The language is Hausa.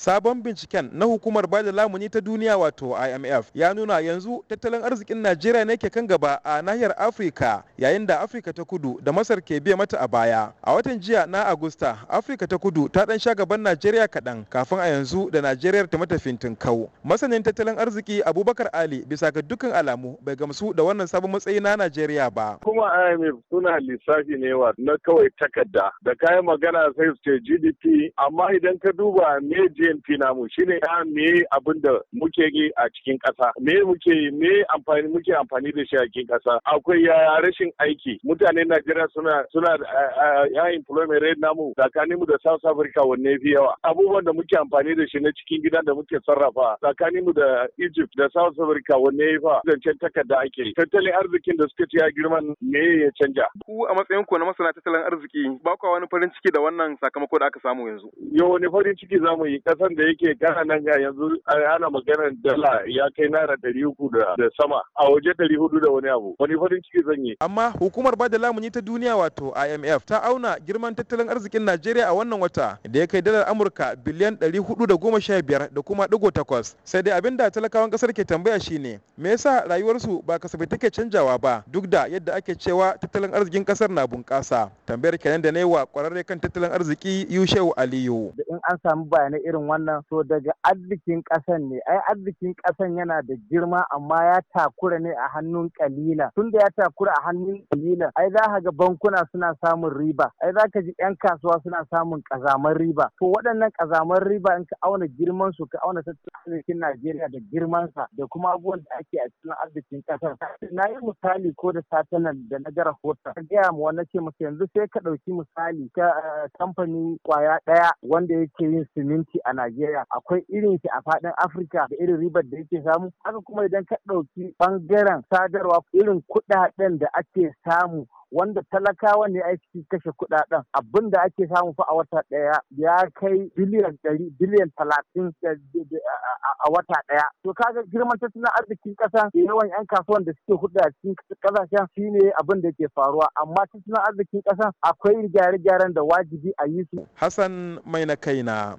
sabon binciken na hukumar bada lamuni ta duniya wato imf ya nuna yanzu tattalin arzikin najeriya ne ke kan gaba a nahiyar afirka yayin da afirka ta kudu da masar ke biya mata a baya a watan jiya na agusta afirka ta kudu ta dan sha gaban najeriya kaɗan kafin a yanzu da Najeriya ta mata fintin kau masanin tattalin arziki abubakar ali bisa ga dukkan alamu bai gamsu da wannan sabon matsayi na najeriya ba kuma imf suna lissafi ne wa na kawai takarda da kayan magana sai su ce gdp amma idan ka duba je. PNP namu shine ya me abin da muke yi a cikin ƙasa me muke yi, me amfani muke amfani da shi a cikin ƙasa akwai ya rashin aiki mutanen Najeriya suna suna ya employment rate namu tsakanin mu da South Africa wanne fi yawa abubuwan da muke amfani da shi na cikin gida da muke sarrafa tsakanin mu da Egypt da South Africa wanne ya fa zancen takarda ake tattalin arzikin da suka ci ya girma me ya canja ku a matsayin ku na masana tattalin arziki ba ku wani farin ciki da wannan sakamako da aka samu yanzu yo wani farin ciki mu yi kasan da yake gana nan ga yanzu an hana maganar dala ya kai naira dari uku da sama a waje dari hudu da wani abu wani farin ciki zan yi. Amma hukumar ba da lamuni ta duniya wato IMF ta auna girman tattalin arzikin Najeriya a wannan wata da ya kai dalar Amurka biliyan ɗari hudu da goma sha biyar da kuma digo takwas. Sai dai abin da talakawan kasar ke tambaya shine me yasa rayuwarsu ba kasafai take canjawa ba duk da yadda ake cewa tattalin arzikin kasar na bunƙasa. Tambayar kenan da na yi wa ƙwararre kan tattalin arziki yushe Aliyu. In an samu bayanai irin wannan so daga arzikin ƙasan ne ai arzikin ƙasan yana da girma amma ya takura ne a hannun kalila tunda ya takura a hannun kalila ai za ka ga bankuna suna samun riba ai za ka ji 'yan kasuwa suna samun ƙazamar riba to waɗannan ƙazamar riba in ka auna girman su ka auna tattalin arzikin Najeriya da sa da kuma abubuwan da ake a cikin arzikin ƙasar na yi misali ko da satanan da na ga rahoton ka gaya mu wannan ce masa yanzu sai ka ɗauki misali ta eh, kamfani kwaya ɗaya wanda yake yin siminti a Najeriya akwai irin shi a faɗin Afirka da irin ribar da yake samu haka kuma idan ka ɗauki ɓangaren sadarwa irin kuɗaɗen da ake samu wanda talakawa ne aiki kashe kudaden abin da ake samu fa a wata daya ya kai biliyan ɗari biliyan talatin eh, a wata daya to kaga girman tattalin arzikin kasa yawan yan kasuwan da suke hudu a cikin kasashen shine abin da yake faruwa amma tattalin arzikin kasa akwai gyare-gyaren da wajibi a yi su hassan mai na kaina